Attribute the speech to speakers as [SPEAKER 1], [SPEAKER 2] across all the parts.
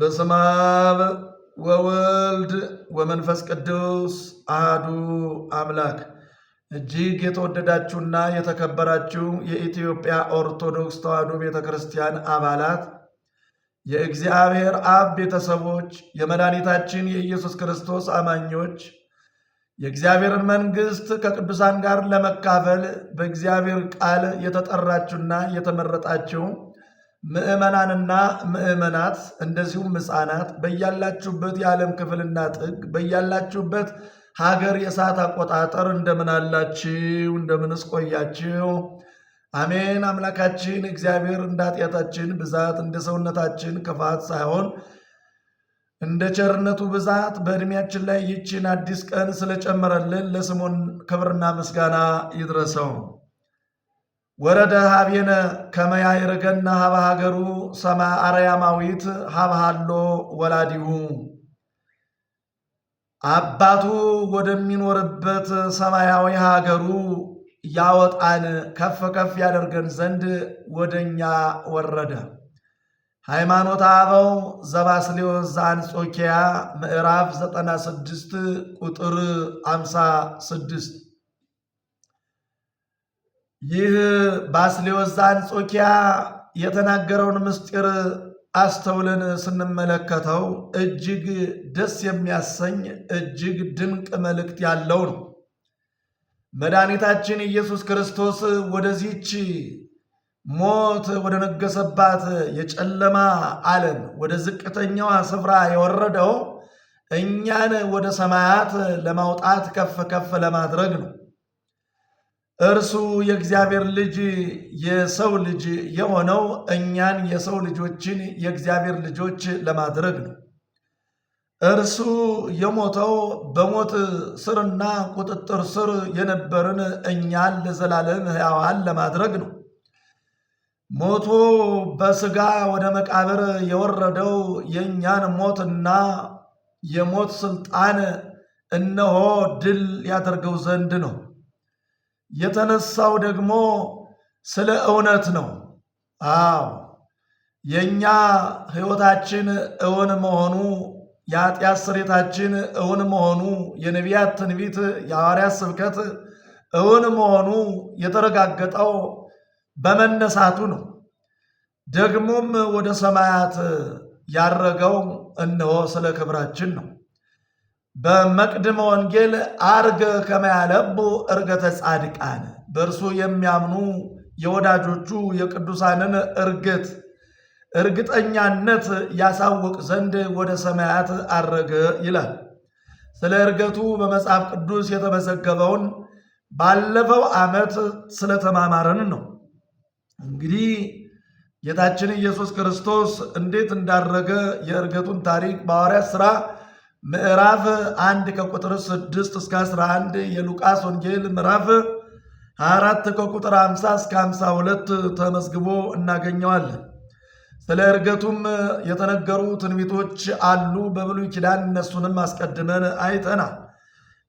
[SPEAKER 1] በስመ አብ ወወልድ ወመንፈስ ቅዱስ አህዱ አምላክ። እጅግ የተወደዳችሁና የተከበራችሁ የኢትዮጵያ ኦርቶዶክስ ተዋሕዶ ቤተ ክርስቲያን አባላት፣ የእግዚአብሔር አብ ቤተሰቦች፣ የመድኃኒታችን የኢየሱስ ክርስቶስ አማኞች የእግዚአብሔርን መንግሥት ከቅዱሳን ጋር ለመካፈል በእግዚአብሔር ቃል የተጠራችሁና የተመረጣችሁ ምእመናንና ምዕመናት እንደዚሁም ሕፃናት በያላችሁበት የዓለም ክፍልና ጥግ በያላችሁበት ሀገር የሰዓት አቆጣጠር እንደምን አላችሁ? እንደምንስ ቆያችሁ? አሜን። አምላካችን እግዚአብሔር እንደ ኃጢአታችን ብዛት እንደ ሰውነታችን ክፋት ሳይሆን እንደ ቸርነቱ ብዛት በዕድሜያችን ላይ ይችን አዲስ ቀን ስለጨመረልን ለስሙን ክብርና ምስጋና ይድረሰው። ወረደ ሀቤነ ከመያይርገነ ሀበ ሀገሩ ሰማ አርያማዊት ሀብሃሎ ወላዲሁ አባቱ ወደሚኖርበት ሰማያዊ ሀገሩ ያወጣን ከፍ ከፍ ያደርገን ዘንድ ወደኛ ወረደ። ሃይማኖት አበው ዘባስሌዎስ ዘአንጾኪያ ምዕራፍ 96 ቁጥር 56 ይህ ባስሌዎስ ዘአንጾኪያ የተናገረውን ምስጢር አስተውለን ስንመለከተው እጅግ ደስ የሚያሰኝ እጅግ ድንቅ መልእክት ያለው ነው። መድኃኒታችን ኢየሱስ ክርስቶስ ወደዚህች ሞት ወደ ነገሰባት የጨለማ ዓለም ወደ ዝቅተኛዋ ስፍራ የወረደው እኛን ወደ ሰማያት ለማውጣት ከፍ ከፍ ለማድረግ ነው። እርሱ የእግዚአብሔር ልጅ የሰው ልጅ የሆነው እኛን የሰው ልጆችን የእግዚአብሔር ልጆች ለማድረግ ነው። እርሱ የሞተው በሞት ስርና ቁጥጥር ስር የነበርን እኛን ለዘላለም ሕያዋን ለማድረግ ነው። ሞቶ በስጋ ወደ መቃብር የወረደው የእኛን ሞትና የሞት ስልጣን እነሆ ድል ያደርገው ዘንድ ነው። የተነሳው ደግሞ ስለ እውነት ነው። አዎ የእኛ ሕይወታችን እውን መሆኑ የኃጢአት ስሬታችን እውን መሆኑ የነቢያት ትንቢት፣ የሐዋርያት ስብከት እውን መሆኑ የተረጋገጠው በመነሳቱ ነው። ደግሞም ወደ ሰማያት ያረገው እነሆ ስለ ክብራችን ነው። በመቅድመ ወንጌል አርገ ከመያለቡ እርገተ ጻድቃን በእርሱ የሚያምኑ የወዳጆቹ የቅዱሳንን እርግት እርግጠኛነት ያሳውቅ ዘንድ ወደ ሰማያት አረገ ይላል። ስለ እርገቱ በመጽሐፍ ቅዱስ የተመዘገበውን ባለፈው ዓመት ስለተማማረን ነው። እንግዲህ ጌታችን ኢየሱስ ክርስቶስ እንዴት እንዳረገ የእርገቱን ታሪክ በሐዋርያት ሥራ ምዕራፍ አንድ ከቁጥር ስድስት እስከ አንድ የሉቃስ ወንጌል ምዕራፍ አራት ከቁጥር አምሳ እስከ 52 ተመዝግቦ እናገኘዋለን። ስለ እርገቱም የተነገሩ ትንቢቶች አሉ በብሉይ ኪዳን፣ እነሱንም አስቀድመን አይተናል።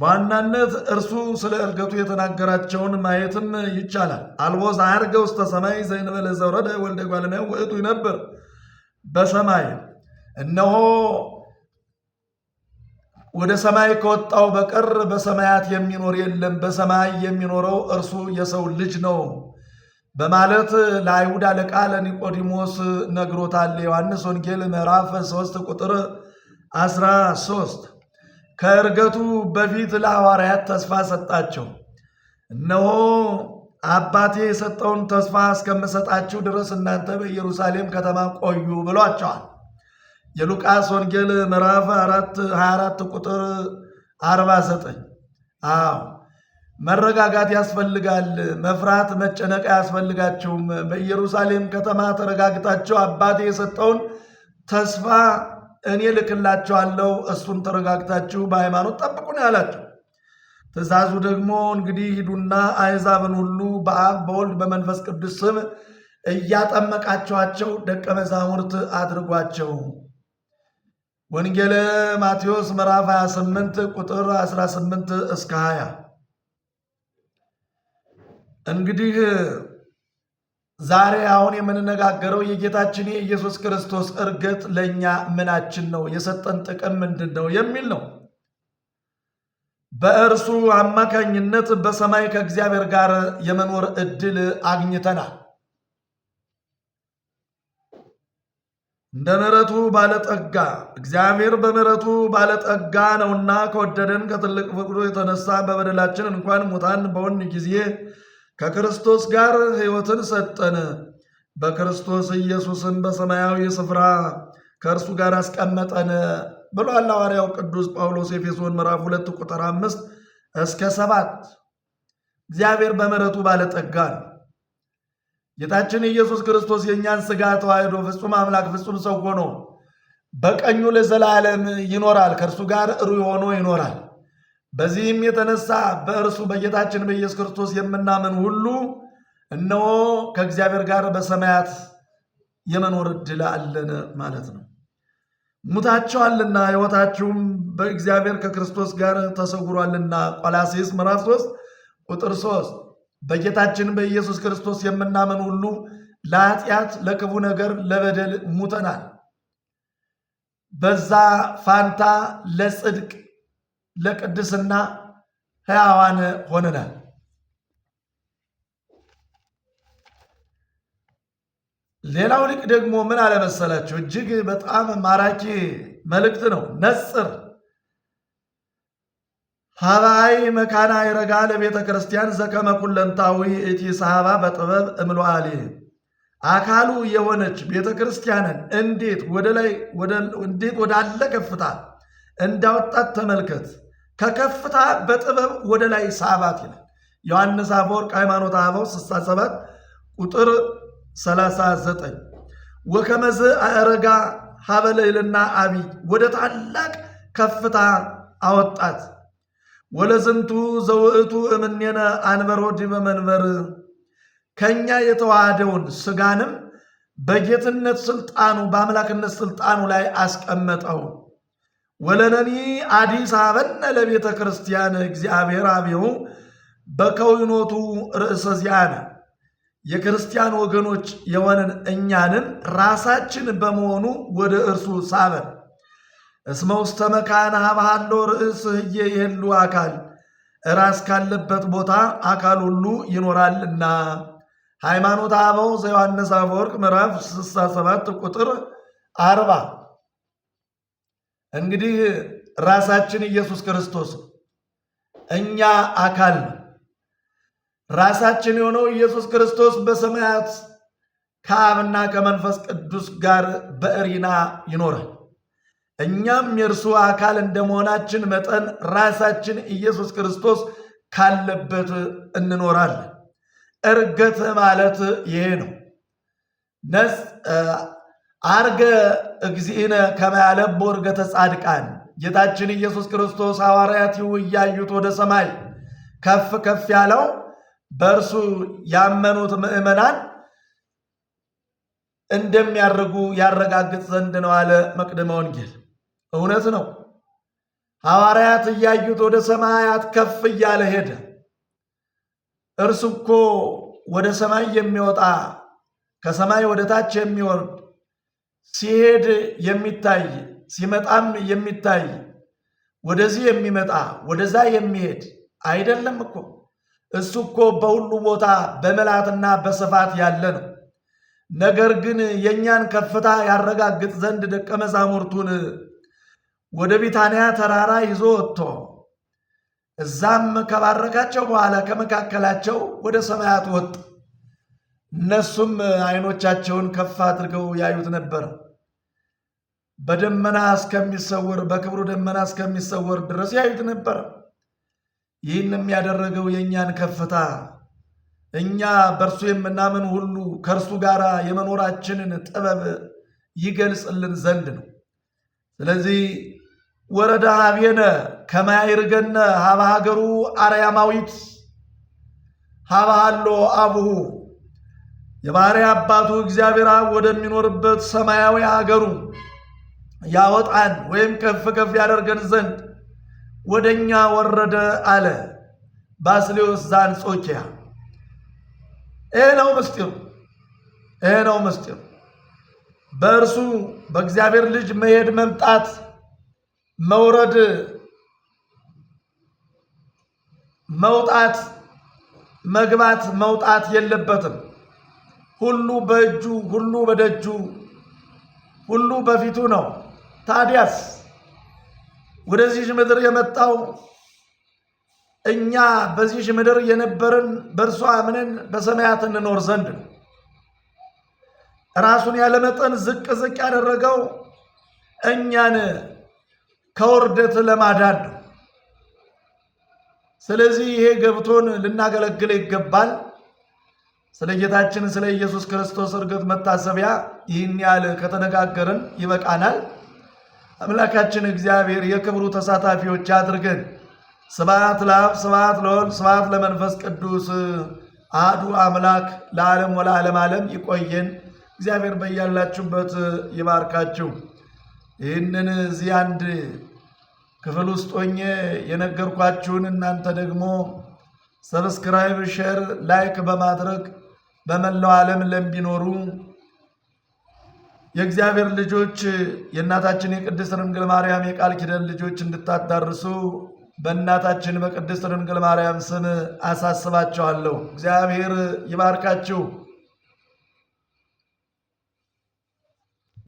[SPEAKER 1] በዋናነት እርሱ ስለ እርገቱ የተናገራቸውን ማየትም ይቻላል። አልቦ ዘዐርገ ውስተ ሰማይ ዘእንበለ ዘወረደ ወልደ እጓልነ ውእቱ ይነብር በሰማይ እነሆ ወደ ሰማይ ከወጣው በቀር በሰማያት የሚኖር የለም፣ በሰማይ የሚኖረው እርሱ የሰው ልጅ ነው በማለት ለአይሁድ አለቃ ለኒቆዲሞስ ነግሮታል። ዮሐንስ ወንጌል ምዕራፍ 3 ቁጥር 13። ከእርገቱ በፊት ለሐዋርያት ተስፋ ሰጣቸው። እነሆ አባቴ የሰጠውን ተስፋ እስከምሰጣችሁ ድረስ እናንተ በኢየሩሳሌም ከተማ ቆዩ ብሏቸዋል። የሉቃስ ወንጌል ምዕራፍ 24 ቁጥር 49። አዎ መረጋጋት ያስፈልጋል፣ መፍራት መጨነቅ አያስፈልጋችሁም። በኢየሩሳሌም ከተማ ተረጋግታችሁ አባቴ የሰጠውን ተስፋ እኔ ልክላችኋለሁ፣ እሱን ተረጋግታችሁ በሃይማኖት ጠብቁ ነው ያላቸው። ትእዛዙ ደግሞ እንግዲህ ሂዱና አሕዛብን ሁሉ በአብ በወልድ በመንፈስ ቅዱስ ስም እያጠመቃችኋቸው ደቀ መዛሙርት አድርጓቸው ወንጌለ ማቴዎስ ምዕራፍ 28 ቁጥር 18 እስከ 20። እንግዲህ ዛሬ አሁን የምንነጋገረው የጌታችን የኢየሱስ ክርስቶስ እርገት ለእኛ ምናችን ነው፣ የሰጠን ጥቅም ምንድን ነው የሚል ነው። በእርሱ አማካኝነት በሰማይ ከእግዚአብሔር ጋር የመኖር እድል አግኝተናል። እንደ ምሕረቱ ባለጠጋ እግዚአብሔር በምሕረቱ ባለጠጋ ነውና ከወደደን ከትልቅ ፍቅሩ የተነሳ በበደላችን እንኳን ሙታን በሆን ጊዜ ከክርስቶስ ጋር ሕይወትን ሰጠን። በክርስቶስ ኢየሱስን በሰማያዊ ስፍራ ከእርሱ ጋር አስቀመጠን ብሏል ሐዋርያው ቅዱስ ጳውሎስ ኤፌሶን ምዕራፍ ሁለት ቁጥር አምስት እስከ ሰባት እግዚአብሔር በምሕረቱ ባለጠጋ ነው። ጌታችን ኢየሱስ ክርስቶስ የእኛን ስጋ ተዋህዶ ፍጹም አምላክ ፍጹም ሰው ሆኖ በቀኙ ለዘላለም ይኖራል። ከእርሱ ጋር እሩ ሆኖ ይኖራል። በዚህም የተነሳ በእርሱ በጌታችን በኢየሱስ ክርስቶስ የምናምን ሁሉ እነሆ ከእግዚአብሔር ጋር በሰማያት የመኖር ድል አለን ማለት ነው። ሙታቸዋልና ሕይወታችሁም በእግዚአብሔር ከክርስቶስ ጋር ተሰውሯልና ቆላሴስ ምዕራፍ 3 ቁጥር 3 በጌታችን በኢየሱስ ክርስቶስ የምናምን ሁሉ ለኃጢአት፣ ለክፉ ነገር፣ ለበደል ሙተናል። በዛ ፋንታ ለጽድቅ፣ ለቅድስና ሕያዋን ሆነናል። ሌላው ሊቅ ደግሞ ምን አለመሰላቸው? እጅግ በጣም ማራኪ መልእክት ነው። ነጽር ሀባይ መካና ይረጋ ለቤተ ክርስቲያን ዘከመ ኩለንታዊ እቲ ሰሃባ በጥበብ እምሎአሌ አካሉ የሆነች ቤተ ክርስቲያንን እንዴት ወደ ላይ እንዴት ወዳለ ከፍታ እንዳወጣት ተመልከት። ከከፍታ በጥበብ ወደ ላይ ሳባት ይላል ዮሐንስ አፈወርቅ ሃይማኖተ አበው 67 ቁጥር 39 ወከመዝ አረጋ ሀበለልና አቢይ ወደ ታላቅ ከፍታ አወጣት። ወለዝንቱ ዘውዕቱ እምኔነ አንበሮዲ በመንበር ከእኛ የተዋሃደውን ስጋንም በጌትነት ስልጣኑ በአምላክነት ስልጣኑ ላይ አስቀመጠው። ወለነኒ አዲስ አበነ ለቤተ ክርስቲያን እግዚአብሔር አብሁ በከውኖቱ ርእሰ ዚአነ የክርስቲያን ወገኖች የሆንን እኛንን ራሳችን በመሆኑ ወደ እርሱ ሳበን። እስመ ውስተ መካነ ሀብሃሎ ርእስ ህየ የህሉ አካል ራስ ካለበት ቦታ አካል ሁሉ ይኖራልና። ሃይማኖት አበው ዘዮሐንስ አፈወርቅ ምዕራፍ 67 ቁጥር አርባ እንግዲህ ራሳችን ኢየሱስ ክርስቶስ እኛ አካል ራሳችን የሆነው ኢየሱስ ክርስቶስ በሰማያት ከአብና ከመንፈስ ቅዱስ ጋር በእሪና ይኖራል። እኛም የእርሱ አካል እንደመሆናችን መጠን ራሳችን ኢየሱስ ክርስቶስ ካለበት እንኖራለን። እርገት ማለት ይሄ ነው። ነስ አርገ እግዚእነ ከማያለቦ እርገተ ጻድቃን ጌታችን ኢየሱስ ክርስቶስ ሐዋርያት እያዩት ወደ ሰማይ ከፍ ከፍ ያለው በእርሱ ያመኑት ምእመናን እንደሚያርጉ ያረጋግጥ ዘንድ ነው አለ መቅደመ ወንጌል። እውነት ነው። ሐዋርያት እያዩት ወደ ሰማያት ከፍ እያለ ሄደ። እርሱ እኮ ወደ ሰማይ የሚወጣ ከሰማይ ወደ ታች የሚወርድ ሲሄድ የሚታይ ሲመጣም የሚታይ ወደዚህ የሚመጣ ወደዛ የሚሄድ አይደለም እኮ። እሱ እኮ በሁሉ ቦታ በመላትና በስፋት ያለ ነው። ነገር ግን የእኛን ከፍታ ያረጋግጥ ዘንድ ደቀ መዛሙርቱን ወደ ቢታንያ ተራራ ይዞ ወጥቶ እዛም ከባረካቸው በኋላ ከመካከላቸው ወደ ሰማያት ወጥ እነሱም ዓይኖቻቸውን ከፍ አድርገው ያዩት ነበር። በደመና እስከሚሰወር በክብሩ ደመና እስከሚሰወር ድረስ ያዩት ነበር። ይህንም ያደረገው የእኛን ከፍታ እኛ በእርሱ የምናምን ሁሉ ከእርሱ ጋር የመኖራችንን ጥበብ ይገልጽልን ዘንድ ነው። ስለዚህ ወረዳ ሀቤነ ከማይርገነ ሀበ ሀገሩ አርያማዊት ሀበ አቡሁ የባህሪ አባቱ እግዚአብሔር አብ ወደሚኖርበት ሰማያዊ ሀገሩ ያወጣን ወይም ከፍ ከፍ ያደርገን ዘንድ ወደ እኛ ወረደ አለ ባስሌዎስ ዘአንጾኪያ። ይህ ነው ምስጢሩ፣ ይህ ነው ምስጢሩ በእርሱ በእግዚአብሔር ልጅ መሄድ መምጣት መውረድ መውጣት መግባት መውጣት የለበትም። ሁሉ በእጁ ሁሉ በደጁ ሁሉ በፊቱ ነው። ታዲያስ ወደዚህ ምድር የመጣው እኛ በዚህ ምድር የነበርን በእርሷ አምነን በሰማያት እንኖር ዘንድ ነው። ራሱን ያለመጠን ዝቅ ዝቅ ያደረገው እኛን ከውርደት ለማዳን ነው። ስለዚህ ይሄ ገብቶን ልናገለግል ይገባል። ስለ ጌታችን ስለ ኢየሱስ ክርስቶስ እርገት መታሰቢያ ይህን ያህል ከተነጋገርን ይበቃናል። አምላካችን እግዚአብሔር የክብሩ ተሳታፊዎች አድርገን። ስብሐት ለአብ ስብሐት ለወልድ ስብሐት ለመንፈስ ቅዱስ አሐዱ አምላክ ለዓለም ወለዓለም ዓለም ይቆየን። እግዚአብሔር በያላችሁበት ይባርካችሁ። ይህንን እዚህ አንድ ክፍል ውስጥ ሆኜ የነገርኳችሁን እናንተ ደግሞ ሰብስክራይብ፣ ሼር፣ ላይክ በማድረግ በመላው ዓለም ለሚኖሩ የእግዚአብሔር ልጆች የእናታችን የቅድስት ድንግል ማርያም የቃል ኪዳን ልጆች እንድታዳርሱ በእናታችን በቅድስት ድንግል ማርያም ስም አሳስባቸዋለሁ እግዚአብሔር ይባርካችሁ።